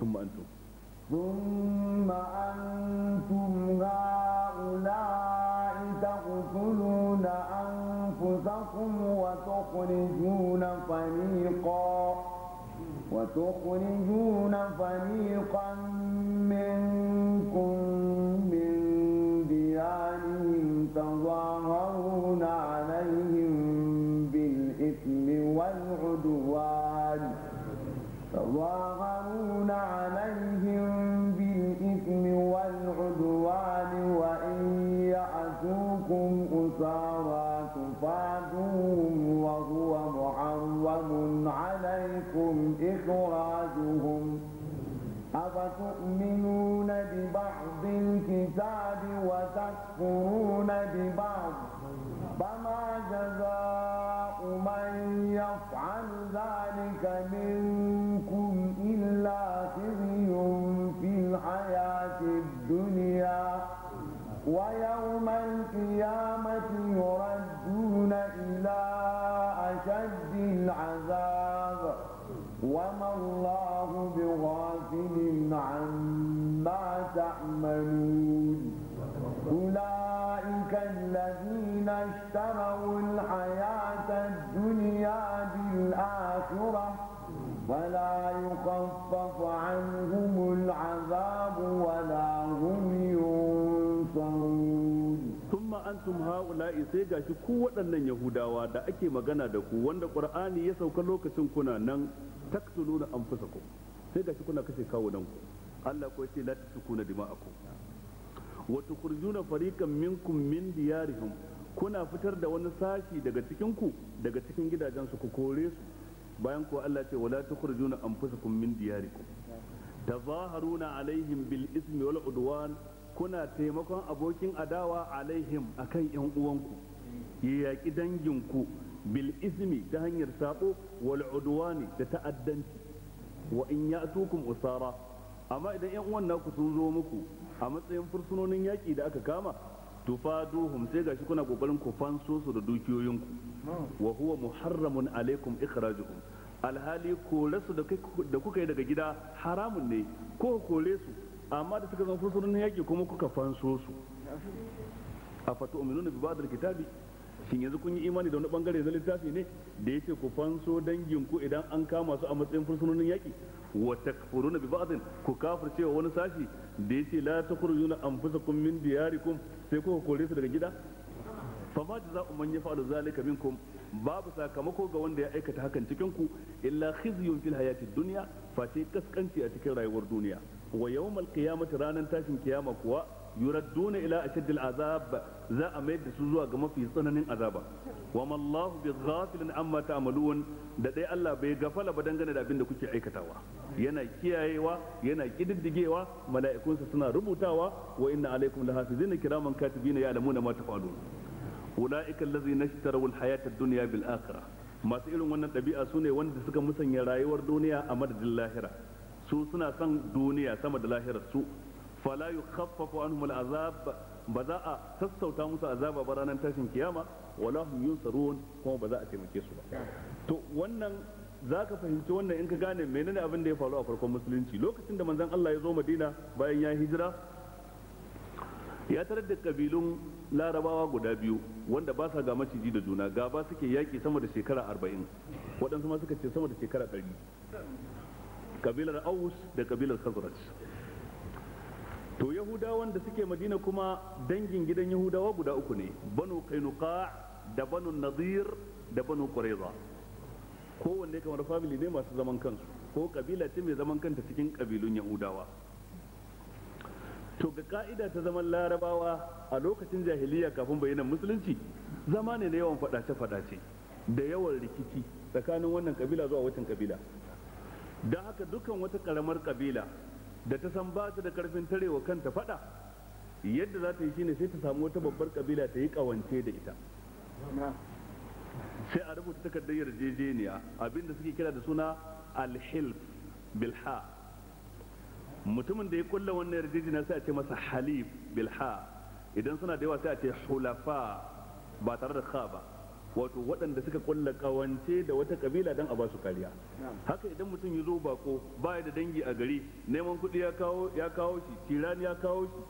ثم أنتم ثم أنتم هؤلاء تقتلون أنفسكم وتخرجون فريقا وتخرجون فريقا منكم يكفرون ببعض فما جزاء من يفعل ذلك منكم إلا خزي في الحياة الدنيا ويوم القيامة يردون إلى أشد العذاب وما الله sai gashi ku waɗannan yahudawa da ake magana da ku wanda ƙur'ani ya sauka lokacin kuna nan taktuluna ku. sai gashi kuna kashe kawunan ku Allah ko yace la tasukuna wata wa na farikan minkum min diyarihim kuna fitar da wani sashi daga cikin ku daga cikin gidajen su ku kore su bayan ko Allah ce wala an anfusakum min diyarikum tazaharuna alaihim bil ismi wal udwan kuna taimakon abokin adawa alaihim akan yan uwanku ya yaƙi danginku bil ismi ta hanyar sabo wal udwani da ta'addanci wa in ya ya'tukum usara amma idan yan uwan naku sun zo muku a matsayin fursunonin yaƙi da aka kama tufaduhum sai gashi kuna ƙoƙarin ku fanso su da dukiyoyinku wa huwa muharramun alaikum ikhrajuhum alhali kore su da kuka yi daga gida haramun ne ko kore su amma da suka zama fursunan yaƙi kuma kuka fanso su a fata umarnu bi bibadar kitabi shin yanzu kun yi imani da wani bangare na littafi ne da ya ce ku fanso dangin ku idan an kama su a matsayin fursunonin yaƙi wa takfuruna bi ba'din ku kafircewa wani sashi da ya ce la takhrujuna anfusakum min kun sai kuka kore su daga gida fa ma jaza'u man yaf'alu zalika minkum babu sakamako ga wanda ya aikata hakan cikin ku illa khizyun fil hayatid dunya face kaskanci a cikin rayuwar duniya wa yawmal qiyamati ranan tashin kiyama kuwa yuradduna ila ashaddil azab za a mayar da su zuwa ga mafi tsananin azaba wa mallahu bi ghafilin amma ta'malun da dai Allah bai gafala ba dangane da abin da kuke aikatawa yana kiyayewa yana kididdigewa mala'ikunsa suna rubutawa wa inna alaikum lahafizina kiraman katibina ya'lamuna ma tafalun ulaika allazina ishtaraw al-hayata ad-dunya bil akhirah masu irin wannan ɗabi'a su ne wanda suka musanya rayuwar duniya a madadin lahira su suna son duniya sama da lahirar su fala yukhaffafu anhum al'azab ba za a sassauta musu azaba ba ranar tashin kiyama wala hum yunsarun kuma ba za a taimake su ba to wannan za ka fahimci wannan in ka gane menene abin da ya faru a farkon musulunci lokacin da manzan Allah ya zo Madina bayan ya hijira ya tarar da kabilun larabawa guda biyu wanda ba sa ga maciji da juna gaba suke yaƙi sama da shekara arba'in waɗansu ma suka ce sama da shekara ɗari kabilar aus da kabilar khazraj to yahudawan da suke madina kuma dangin gidan yahudawa guda uku ne banu kainuka da banu nazir da banu qurayza kowanne kamar family ne masu zaman kansu ko kabila ce mai zaman kanta cikin kabilun yahudawa to ga ka'ida ta zaman larabawa a lokacin jahiliya kafin bayyana musulunci zama ne na yawan fadace-fadace da yawan rikici tsakanin wannan kabila zuwa watan kabila don haka dukkan wata karamar kabila da ta san ba ta da karfin tarewa kanta fada yadda za ta yi shine sai ta samu wata babbar kabila ta yi kawance da ita sai a rubuta takardar yarjejeniya abinda suke kira da suna alhilf bilha mutumin da ya kulla wannan yarjejina sai a ce masa halif bilha idan suna da yawa sai a ce hulafa ba tare da kha ba wato waɗanda suka kulla kawance da wata kabila don a ba su kariya haka idan mutum ya zo bako ya da dangi a gari neman kuɗi ya kawo ya kawo shi tirani ya kawo shi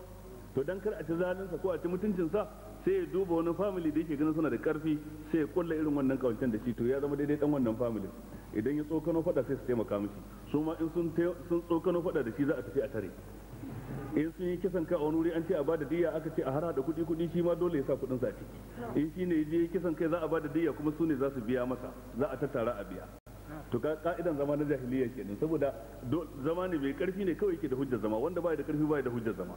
to dan kar a ci zalinsa ko a ci mutuncinsa sai ya duba wani family da yake ganin suna da karfi sai ya kulla irin wannan kawancen da shi to ya zama daidai dan wannan family idan ya tsokano fada sai su taimaka mishi su ma in sun tsokano fada da shi za a tafi a tare in sun yi kisan kai a wani wuri an ce a bada diya aka ce a hara da kuɗi kuɗi shi ma dole ya sa kuɗin sa in shi ne je kisan kai za a bada diya kuma su ne za su biya masa za a tattara a biya to ka ka'idan zama na jahiliya kenan saboda zama ne mai karfi ne kawai ke da hujjar zama wanda baya da karfi baya da hujjar zama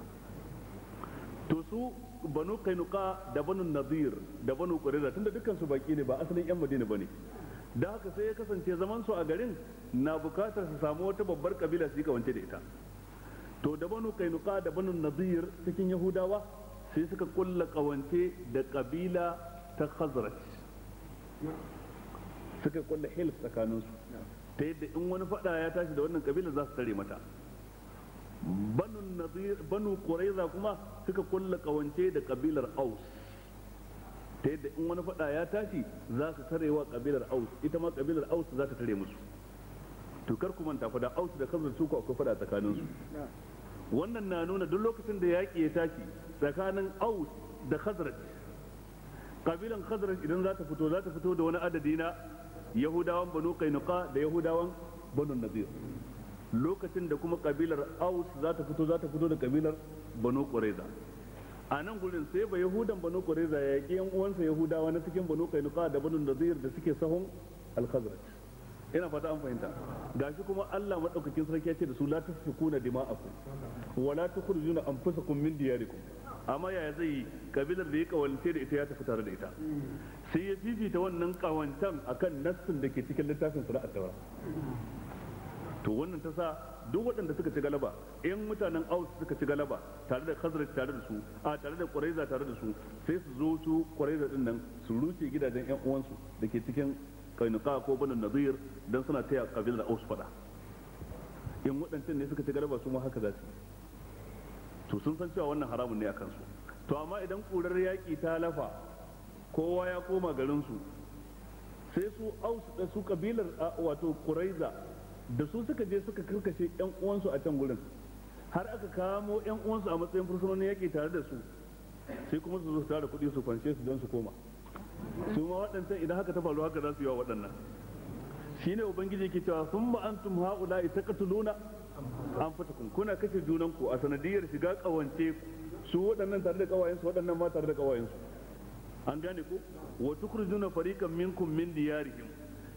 to su banu kainuka da banu nadir da banu qurayza tunda dukkan su baki ne ba asalin yan madina bane da haka sai ya kasance zaman su a garin na bukatar su samu wata babbar kabila su yi kawance da ita to da banu kainuka da banu nadir cikin yahudawa sai suka kulla kawance da kabila ta khazraj suka kulla hilf tsakaninsu ta yadda in wani fada ya tashi da wannan kabila za su tare mata banu nadir banu quraiza kuma suka kulla kawance da kabilar aus ta yadda in wani fada ya tashi za su tare wa kabilar aus ita ma kabilar aus za ta tare musu to kar ku manta fada aus da kansu su ku akwai fada tsakanin su wannan na nuna duk lokacin da yaki ya tashi tsakanin aus da khazraj kabilan khazraj idan za ta fito za ta fito da wani adadi na yahudawan banu qainuqa da yahudawan banu nadir lokacin da kuma kabilar aus za ta fito za ta fito da kabilar banu qurayza a nan gurin sai ba yahudan banu kureza ya yaki yan uwansa yahudawa na cikin banu kainuka da banu nazir da suke sahun alkhazraj ina fata an fahimta gashi kuma Allah madaukakin sarki ya ce da su la tasfikuna dima'akum wa la tukhrijuna anfusakum min diyarikum amma yaya zai yi kabilar da ya kawance da ita ya tafi tare da ita sai ya fifita wannan kawancan akan nassin da ke cikin littafin sura at tawra to wannan ta sa duk waɗanda suka ci galaba in mutanen aus suka ci galaba tare da khazraj tare da su a tare da quraiza tare da su sai su zo su quraiza din nan su rufe gidajen ƴan uwansu da ke cikin kainuka ko banu nadir dan suna taya kabilar aus fada in waɗancan ne suka ci galaba su ma haka za su to sun san cewa wannan haramun ne a kansu to amma idan kurar yaƙi ta lafa kowa ya koma garinsu sai su aus da su kabilar wato quraiza da su suka je suka karkashe yan uwansu a can gurin har aka kamo yan uwansu a matsayin fursunonin yaki tare da su sai kuma su zo su tara kuɗi su fanshe su don su koma su ma waɗancan idan haka ta faru haka za su yi wa waɗannan shine ubangiji ke cewa sun ita ka haula an anfusakum kuna kashe junanku a sanadiyar shiga ƙawance su waɗannan tare da ƙawayensu waɗannan ma tare da ƙawayensu an gane ku wa tukurjuna farikan minkum min diyarihim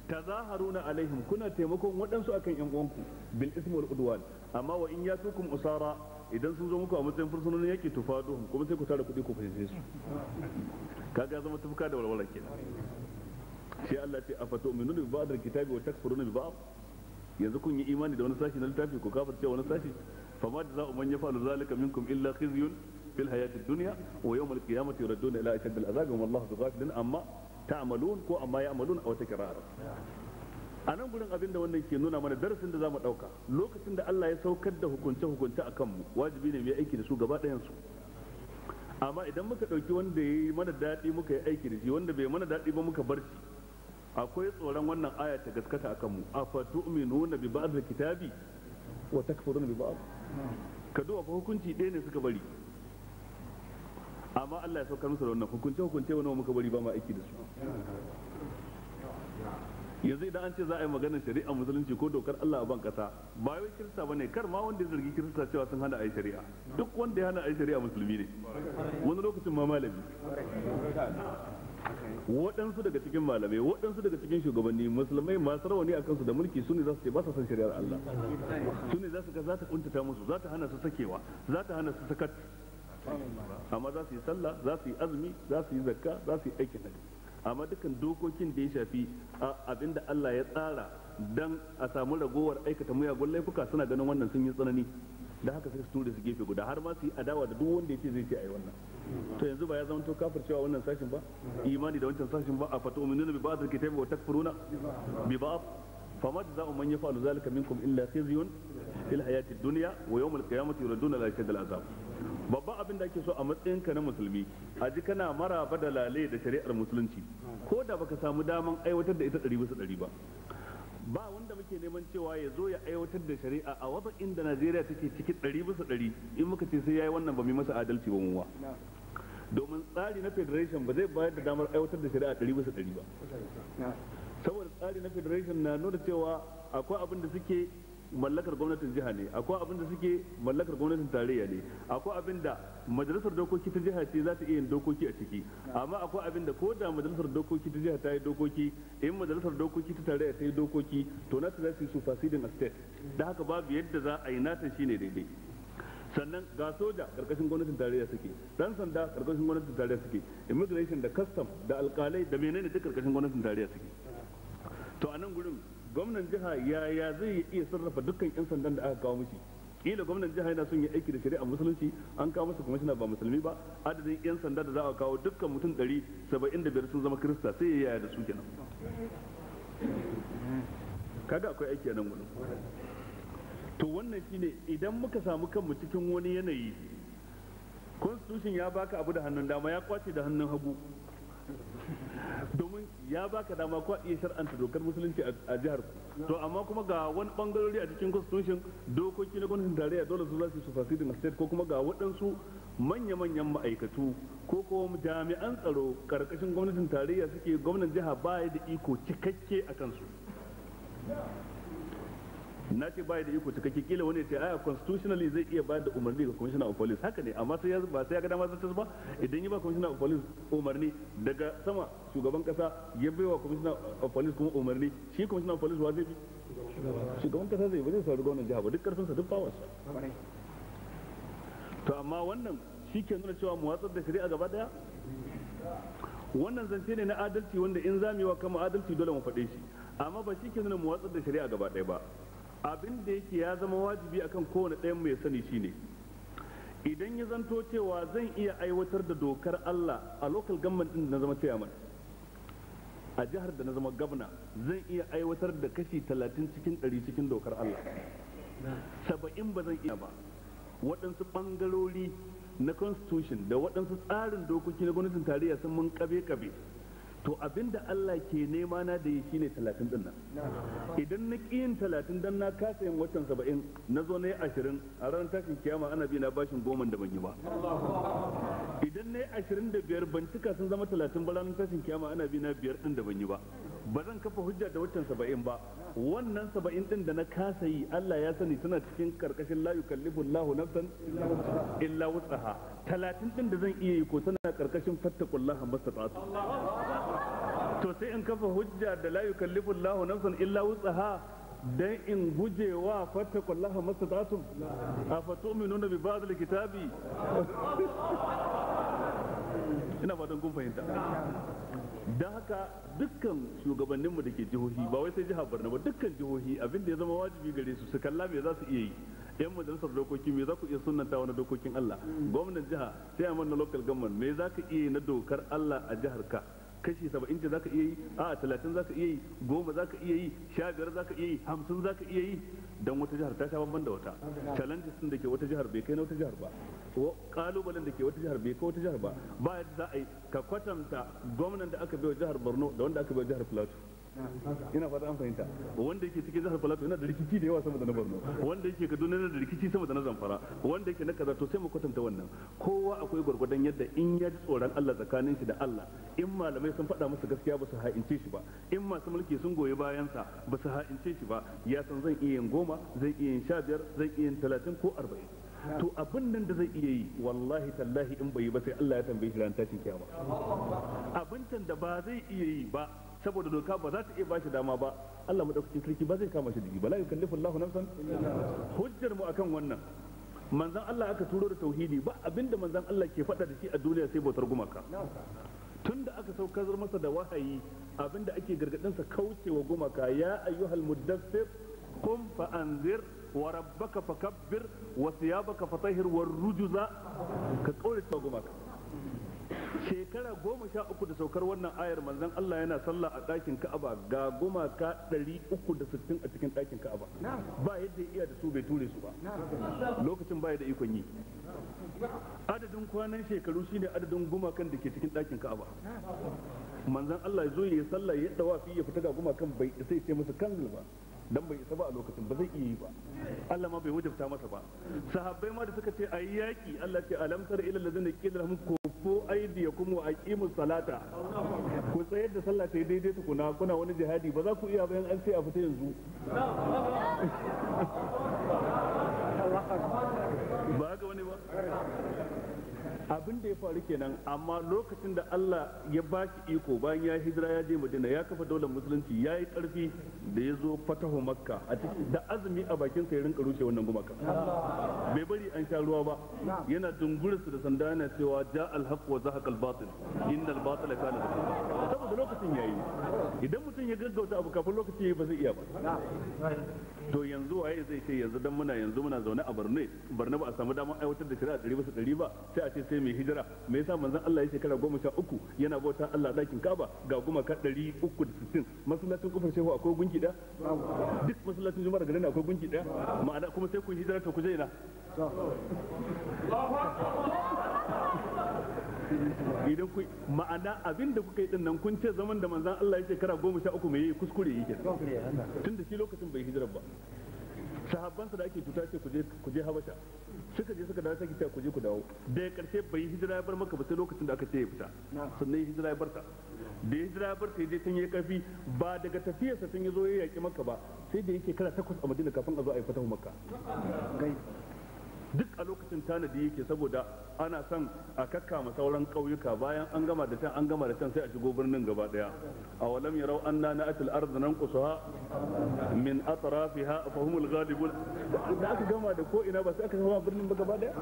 tazaharuna alaihim kuna taimakon waɗansu akan yan uwanku bil ismi wal udwan amma wa in yatukum usara idan sun zo muku a matsayin fursunonin yake tufaduhum kuma sai ku tara kuɗi ku fahimce su kaga zama tufka da walwala kenan sai Allah ce afatu'minuna bi ba'd al-kitabi wa takfuruna bi ba'd yanzu kun yi imani da wani sashi na littafi ku kafirce wani sashi fama da za'u man yafalu zalika minkum illa khizyun fil hayatid dunya wa yawm al-qiyamati yuradduna ila ashaddi al-'adhabi wa Allahu ghafilun amma Ta ta'malun ko amma ya'malun a wata kirar. a nan gurin abin da wannan ke nuna mana darasin da zamu dauka lokacin da Allah ya saukar da hukunce hukunce a kanmu wajibi ne mu yi aiki da su gaba ɗayan amma idan muka dauki wanda ya yi mana daɗi muka yi aiki da shi wanda bai mana daɗi ba muka bar shi akwai tsoron wannan aya ta gaskata akan mu nuna bi ba'd kitabi wa takfuruna bi ba'd ka duba hukunci ɗaya ne suka bari amma Allah ya saukar musu da wannan hukunce hukunce wani muka bari ba ma aiki da su yanzu idan an ce za a yi maganar shari'a musulunci ko dokar Allah a ban kasa ba wai kirista bane kar ma wanda ya zargi kirista cewa sun hana ayi shari'a duk wanda ya hana ayi shari'a musulmi ne wani lokacin ma malami waɗansu daga cikin malamai waɗansu daga cikin shugabanni musulmai masu rawani a kansu da mulki su ne za su ce ba su san shari'ar Allah su ne za su ga za ta kuntata musu za ta hana su sakewa za ta hana su sakat amma za su yi sallah za su yi azumi za su yi zakka za su yi aikin hajji amma dukkan dokokin da ya shafi abinda Allah ya tsara dan a samu ragowar aikata muyagun laifuka suna ganin wannan sun yi tsanani da haka sai su tura su gefe guda har ma su yi adawa da duk wanda ya ce zai ce yi wannan to yanzu ba ya zama to kafir cewa wannan sashin ba imani da wancan sashin ba a fata uminuna bi ba'd alkitabi wa takfuruna bi ba'd فما zalika من يفعل ذلك fil إلا dunya wa yawm al-qiyamati yuraduna يردون على al-azab babban abin da ake so a matsayinka na musulmi a ji kana mara ba da lalai da shari'ar musulunci ko da baka samu daman aiwatar da ita ɗari bisa ɗari ba ba wanda muke neman cewa ya zo ya aiwatar da shari'a a wata inda najeriya take ciki ɗari bisa ɗari in muka ce sai ya yi wannan ba mu masa adalci ba muwa domin tsari na federation ba zai bayar da damar aiwatar da shari'a ɗari bisa ɗari ba saboda tsari na federation na nuna cewa akwai abin da suke mallakar gwamnatin jiha ne akwai abin da suke mallakar gwamnatin tarayya ne akwai abin da majalisar dokoki ta jiha ce za ta iya yin dokoki a ciki amma akwai abin da ko da majalisar dokoki ta jiha ta yi dokoki in majalisar dokoki ta tarayya ta yi dokoki to nata za su yi superseding a state da haka babu yadda za a yi nata ne daidai sannan ga soja karkashin gwamnatin tarayya suke dan sanda karkashin gwamnatin tarayya suke immigration da custom da alkalai da menene duk karkashin gwamnatin tarayya suke to a nan gurin gwamnan jiha ya ya zai iya sarrafa dukkan yan sandan da aka kawo mishi kila gwamnan jiha yana son ya aiki da shari'a musulunci an kawo masa kwamishina ba musulmi ba adadin yan sanda da za a kawo dukkan mutum 175 saba'in da biyar sun zama kirista sai ya yaya da su kenan kaga akwai aiki a nan gudu? to wannan shine idan muka samu kanmu cikin wani yanayi constitution ya baka abu da hannun dama ya kwace da hannun hagu domin ya baka dama ko iya shar'anta dokar musulunci a jihar ku to amma kuma ga wani bangarori a cikin constitution dokoki na gwamnatin tarayya dole su za su su fasidi na state ko kuma ga waɗansu manya-manyan ma'aikatu ko kuma jami'an tsaro karkashin gwamnatin tarayya suke gwamnan jiha baya da iko cikakke a kansu na ce bai da iko kake kila wani ce aya constitutionally zai iya bayar da umarni ga commissioner of police haka ne amma sai ya ba sai ya ga dama zartas ba idan ya ba commissioner of police umarni daga sama shugaban kasa ya bai wa commissioner of police kuma umarni shi commissioner of police wa zai bi shugaban kasa zai ba zai sauri gwamnan jiha ba duk karfinsa duk bawas to amma wannan shi ke nuna cewa mu watsar da shari'a gaba daya wannan zance ne na adalci wanda in zamewa kama adalci dole mu faɗe shi amma ba shi ke nuna mu watsar da shari'a gaba daya ba abin da yake ya zama wajibi akan kowane ɗayan mai sani shine idan ya zanto cewa zan iya aiwatar da dokar Allah a local government din da na zama chairman a jihar da na zama gabna zan iya aiwatar da kashi talatin cikin ɗari cikin dokar Allah saba'in ba zan iya ba waɗansu ɓangarori na constitution da waɗansu tsarin dokoki na gwamnatin tarayya sun mun kabe-kabe to abinda Allah ke nema na da shi ne talatin din nan idan na ƙiyin talatin dan na kasa yin watan saba'in na zo na yi ashirin a ranar tashin kiyama ana bi na bashin goma da ban yi ba idan na yi ashirin da biyar ban cika sun zama talatin ba ranar tashin kiyama ana bi na biyar din da ban yi ba ba zan kafa hujja da watan saba'in ba wannan saba'in din da na kasa yi Allah ya sani suna cikin karkashin la yukallifu Allahu nafsan illa wutsaha talatin din da zan iya yi ko suna karkashin fattaqullaha mastata'tu to sai in kafa hujja da la yukallifu Allahu nafsan illa wutsaha dan in guje wa fattaqullaha mastata'tu afa tu'minuna bi ba'dil kitabi fatan kun fahimta don haka dukkan shugabanninmu da ke jihohi ba wai sai jiha barna ba dukkan jihohi abin da ya zama wajibi gare su su kalla me za su iya yi yan majalisar dokoki me za ku iya sunanta wani dokokin Allah gwamnan jiha sai amma na local government me za ka iya yi na dokar Allah a jihar ka kashi saba'in ce za ka iya yi a talatin za ka iya yi goma za ka iya yi sha biyar za ka iya yi hamsin za ka iya yi don wata jihar ta sha bamban da wata challenges din da ke wata jihar bai kai na wata jihar ba kalubalen da ke wata jihar bai kai wata jihar ba ba yadda za a yi ka kwatanta gwamnan da aka bai jihar Borno da wanda aka bai jihar Plateau ina fata an fahimta wanda yake cikin jihar Plateau yana da rikici da yawa sama da na Borno wanda yake Kaduna yana da rikici sama da na Zamfara wanda yake na kaza to sai mu kwatanta wannan kowa akwai gwargwadon yadda in ya ji tsoron Allah tsakanin shi da Allah in malamai sun faɗa masa gaskiya ba su ha'ince shi ba in masu mulki sun goyi bayan sa ba su ha'ince shi ba ya san zan iya yin goma zan iya yin sha biyar zan iya yin talatin ko arba'in to abin nan da zai iya yi wallahi tallahi in bai yi ba sai Allah ya tambaye shi ran tashin kiyama abincin da ba zai iya yi ba saboda doka ba za ta iya ba shi dama ba Allah madaukakin sarki ba zai kama shi da ba la yukallifu Allahu nafsan hujjar mu akan wannan manzon Allah aka turo da tauhidi ba abinda manzon Allah ke faɗa da shi a duniya sai bautar gumaka tun da aka saukar masa da wahayi abinda ake gargadinsa kaucewa gumaka ya ayyuhal muddassir قم فأنذر وربك فكبر وثيابك فطهر والرجز كتقول التوغمك shekara goma sha uku da saukar wannan ayar manzon Allah yana sallah a ɗakin Ka'aba ga gumaka ɗari uku da sittin a cikin ɗakin Ka'aba ba yadda ya iya da su bai ture su ba lokacin baya da ikon yi adadin kwanan shekaru shine adadin gumakan da ke cikin ɗakin Ka'aba manzon Allah ya zo ya sallah ya fi ya fita ga gumakan bai sai ce musu kanzil ba dan bai isa ba a lokacin ba zai iya yi ba Allah ma bai wajabta masa ba sahabbai ma da suka ce ayi yaki Allah ce alam tar ila ladina qila lahum kufu aydiyakum wa aqimus salata ku tsayar da sallah ta daidai ta kuna wani jihadi ba za ku iya bayan an sai a fita yanzu ba ga wani ba abin da ya faru kenan amma lokacin da Allah ya ba shi iko bayan ya hijira ya je Madina ya kafa daular musulunci ya yi karfi da ya zo fatahu makka da azumi a bakin sa ya rinka rushe wannan gumaka bai bari an sha ruwa ba yana dungurinsu da sanda yana cewa ja al haqq wa zahaqa al-batil innal batila kana zahiqa da lokacin yayi idan mutum ya gaggauta abu kafin lokaci ya yi ba zai iya ba to yanzu waye zai ce yanzu dan muna yanzu muna zaune a barne barne ba a samu damar aiwatar da shari'a ɗari bisa ɗari ba sai a ce sai mai hijira me yasa manzon Allah ya shekara goma sha uku yana bauta Allah ɗakin Ka'aba ga ka ɗari uku da sittin masallacin kufar shehu akwai gunki ɗaya duk masallacin jumar garin akwai gunki ɗaya ma'ana kuma sai ku hijira to ku je na. idan ku ma'ana abin da kuka yi din nan kun ce zaman da manzon Allah ya shekara goma sha uku mai yi kuskure yake tun da shi lokacin bai hijira ba sa da ake cuta ce ku je habasha suka je suka dawo sai kita ku je ku dawo da ya karshe bai yi hijira ya bar maka ba sai lokacin da aka ce ya fita sannan ya hijira ya bar ta da ya hijira ya bar ta je tun ya karfi ba daga tafiyarsa tun ya zo ya yaki maka ba sai da yake kara takwas a madina kafin a zo a yi fatahu makka duk a lokacin tanadi yake saboda ana son a kakkama sauran ƙauyuka bayan an gama da can an gama da can sai a shigo birnin gaba daya a walam yarau anna na'atil ardi nanqusuha min ha a fahimul ghalibun da aka gama da ko ina ba sai aka gama birnin gaba daya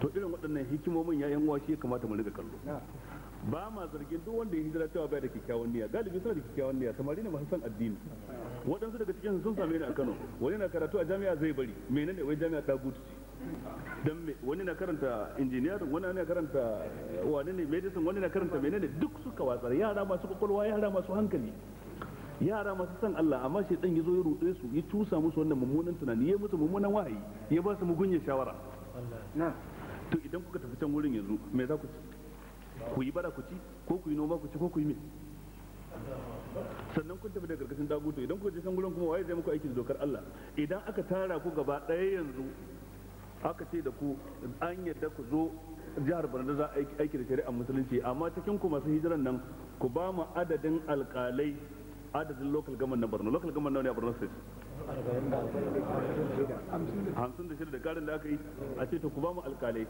to irin waɗannan hikimomin ya yan ya kamata mu riga kallo ba ma zargin duk wanda ya hijira cewa bai da kyakkyawan niyya galibi suna da kyakkyawan niyya samari ne masu son addini waɗansu daga cikin sun same ni a Kano wani na karatu a jami'a zai bari menene wai jami'a ta gudu ce me wani na karanta injiniyar wani na karanta wani ne medicine wani na karanta menene duk suka watsar yara masu kwakwalwa yara masu hankali yara masu san Allah amma shi dan yazo ya rutse su ya cusa musu wannan mummunan tunani ya musu mummunan wahayi ya ba su mugunyar shawara to idan kuka tafi can wurin yanzu me za ku ci ku yi bara ku ci ko ku yi noma ku ci ko ku yi me sannan kun tafi da karkashin dagutu idan kuka je can gurin kuma waye zai muku aiki da dokar Allah idan aka tara ku gaba ɗaya yanzu aka ce da ku an yadda ku zo jihar Borno za a aiki da shari'ar musulunci amma cikin ku masu hijiran nan ku ba mu adadin alƙalai adadin local government na Borno local government ne a Borno state hamsin da shida da karin da aka yi a ce to ku ba mu alƙalai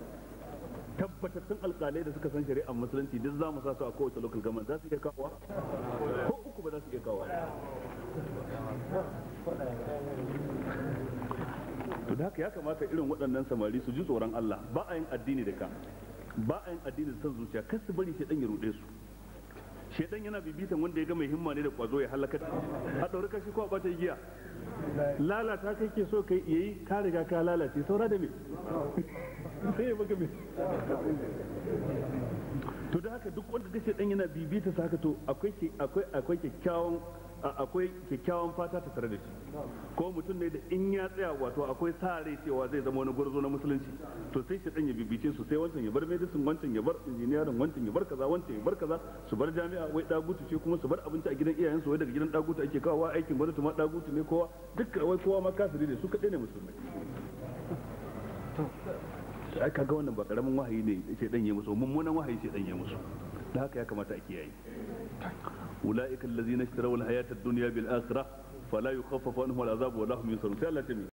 tabbatattun alƙalai da suka san shari'ar musulunci duk za mu sa su a kowace local government za su iya kawo uku ba za su iya kawo to da haka ya kamata irin waɗannan samari su ji tsoron Allah ba a yin addini da ka ba a yin addini da san zuciya kar su bari shedan ya ruɗe su shedan yana bibitan wanda ya ga mai himma ne da kwazo ya halaka a ɗauri kashi ko a bata giya lalata kai ke so kai yayi ka riga ka lalace saura da me sai ya baka me to da haka duk wanda kace dan yana bibita sa haka to akwai akwai akwai kyakkyawan akwai kyakkyawan fata ta tare da shi ko mutum ne da in ya tsaya wato akwai sa rai cewa zai zama wani gurzo na musulunci to sai shi dan ya bibice su sai wancan ya bar medicine wancan ya bar engineering wancan ya bar kaza wancan ya bar kaza su bar jami'a wai dagutu ce kuma su bar abinci a gidan iyayen su wai daga gidan dagutu ake kawowa aikin gwamnati ma dagutu ne kowa duk wai kowa ma kafiri ne su kadai ne musulmai ai kaga wannan ba karamin wahayi ne sai dan ya musu mummunan wahayi sai danye ya musu da haka ya kamata a kiyaye ulaika allazina ishtaraw alhayata ad-dunya bil akhirah fala yukhaffafu anhum al-azab wa lahum yusarun sai Allah